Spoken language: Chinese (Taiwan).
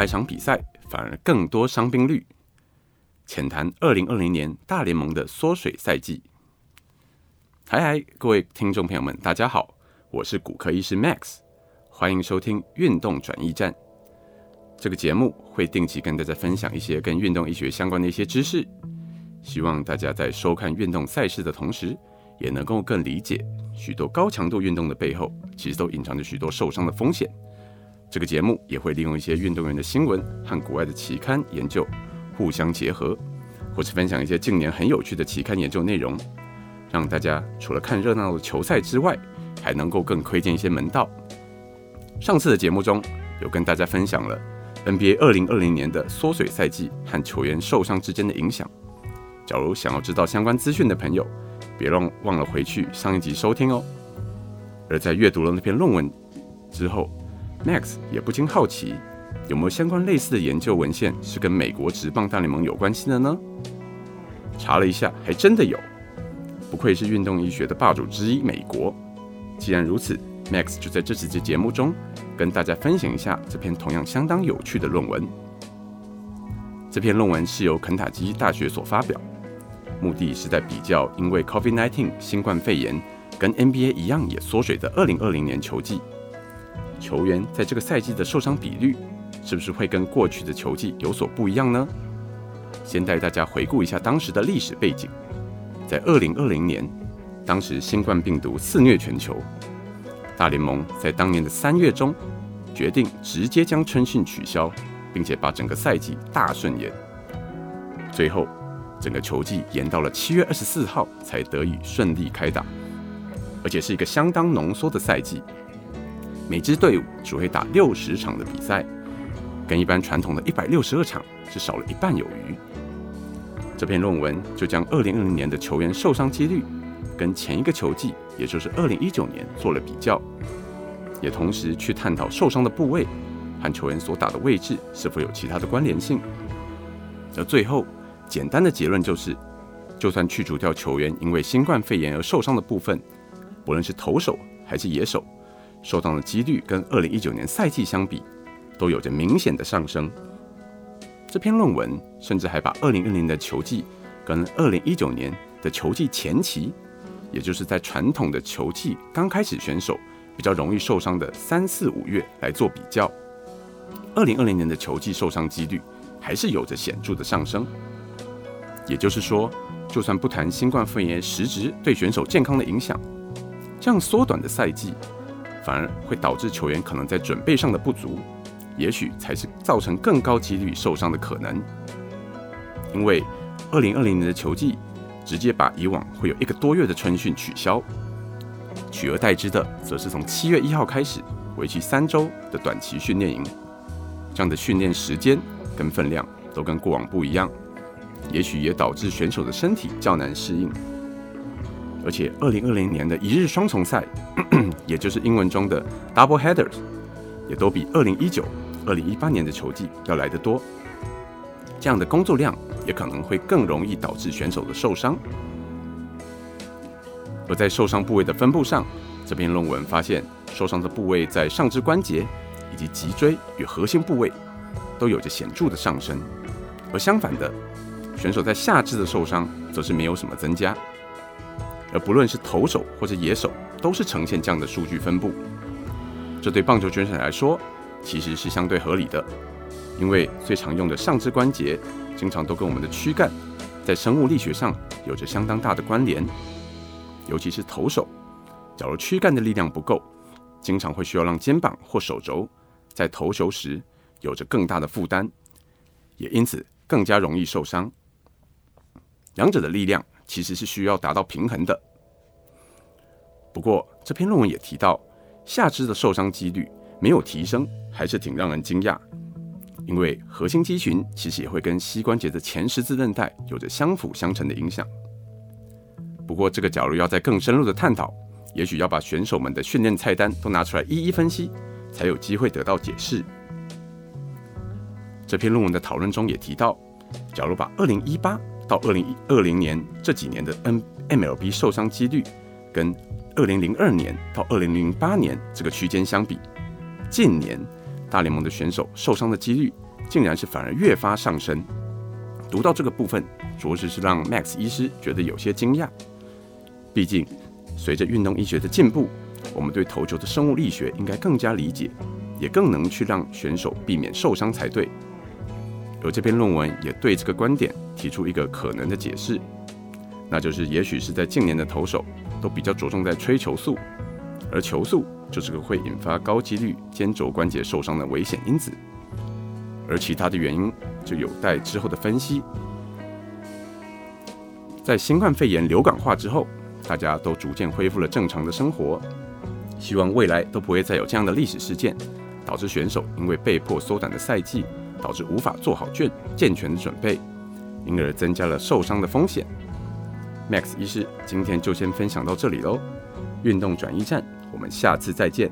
百場比賽反而更多傷兵率。淺談二零二零年大聯盟的縮水賽季。嗨嗨，各位聽眾朋友們，大家好，我是骨科醫師 Max，歡迎收聽《運動轉驛站》。這個節目會定期跟大家分享一些跟運動醫學相關的一些知識，希望大家在收看運動賽事的同時，也能夠更理解許多高強度運動的背後，其實都隱藏着許多受傷的風險。這個節目也會利用一些運動員的新聞和國外的期刊研究互相結合，或是分享一些近年很有趣的期刊研究內容，讓大家除了看熱鬧的球賽之外，還能夠更窺見一些門道。上次的節目中，有跟大家分享了 NBA 2020年的縮水賽季和球員受傷之間的影響。假如想要知道相關資訊的朋友，別忘了回去上一集收聽哦。而在閱讀了那篇論文之後，Max 也不禁好奇，有沒有相關類似的研究文獻是跟美國職棒大聯盟有關係的呢？查了一下，還真的有。不愧是運動醫學的霸主之一，美國。既然如此，Max 就在這幾集節目中跟大家分享一下這篇同樣相當有趣的論文。這篇論文是由肯塔基大學所發表，目的是在比較因為 COVID-19 新冠肺炎跟 NBA 一樣也縮水的二零二零年球季。球員在這個賽季的受傷比率，是不是會跟過去的球季有所不一樣呢？先帶大家回顧一下當時的歷史背景。在二零二零年，當時新冠病毒肆虐全球，大聯盟在當年的三月中決定直接將春訓取消，並且把整個賽季大順延。最後，整個球季延到了七月二十四號才得以順利開打，而且是一個相當濃縮的賽季。每支隊伍只會打六十場的比賽，跟一般傳統的一百六十二場是少了一半有餘。這篇論文就將二零二零年的球員受傷幾率跟前一個球季，也就是二零一九年做了比較，也同時去探討受傷的部位和球員所打的位置是否有其他的關聯性。而最後簡單的結論就是，就算去除掉球員因為新冠肺炎而受傷的部分，不論是投手還是野手。受傷的幾率跟2019年賽季相比，都有着明顯的上升。這篇論文甚至還把2020年的球季跟2019年的球季前期，也就是在傳統的球季剛開始，選手比較容易受傷的三四五月來做比較。2020年的球季受傷幾率還是有着顯著的上升。也就是說，就算不談新冠肺炎實質對選手健康的影響，這樣縮短的賽季。反而會導致球員可能在準備上的不足，也許才是造成更高幾率受傷的可能。因為2020年的球季直接把以往會有一個多月的春訓取消，取而代之的則是從7月1號開始為期三周的短期訓練營。這樣的訓練時間跟分量都跟過往不一樣，也許也導致選手的身體較難適應。而且，二零二零年的一日雙重賽， 也就是英文中的 double headers，也都比二零一九、二零一八年的球季要來得多。這樣的工作量也可能會更容易導致選手的受傷。而在受傷部位的分布上，這篇論文發現，受傷的部位在上肢關節以及脊椎與核心部位都有着顯著的上升，而相反的，選手在下肢的受傷則是沒有什麼增加。而不論是投手或者野手，都是呈現這樣的數據分布。這對棒球選手來說其實是相對合理的，因為最常用的上肢關節經常都跟我們的軀幹在生物力學上有着相當大的關聯。尤其是投手，假如軀幹的力量不夠，經常會需要讓肩膀或手肘在投球時有着更大的負擔，也因此更加容易受傷。兩者的力量其實是需要達到平衡的。不過，這篇論文也提到，下肢的受傷幾率沒有提升，還是挺讓人驚訝。因為核心肌群其實也會跟膝關節的前十字韌帶有着相輔相成的影響。不過，這個假如要再更深入的探討，也許要把選手們的訓練菜單都拿出來一一分析，才有機會得到解釋。這篇論文的討論中也提到，假如把二零一八到二零二零年這幾年的 MLB 受傷幾率跟二零零二年到二零零八年這個區間相比，近年大聯盟的選手受傷的幾率，竟然是反而越發上升。讀到這個部分，着實是讓 Max 醫師覺得有些驚訝。畢竟，隨着運動醫學的進步，我們對投球的生物力學應該更加理解，也更能去讓選手避免受傷才對。而這篇論文也對這個觀點提出一個可能的解釋，那就是也許是在近年的投手。都比較着重在吹球速，而球速就是個會引發高幾率肩肘關節受傷的危險因子，而其他的原因就有待之後的分析。在新冠肺炎流感化之後，大家都逐漸恢復了正常的生活，希望未來都不會再有這樣的歷史事件，導致選手因為被迫縮短的賽季，導致無法做好健健全的準備，因而增加了受傷的風險。Max 醫師，今天就先分享到這裡嘍。運動轉驛站，我們下次再見。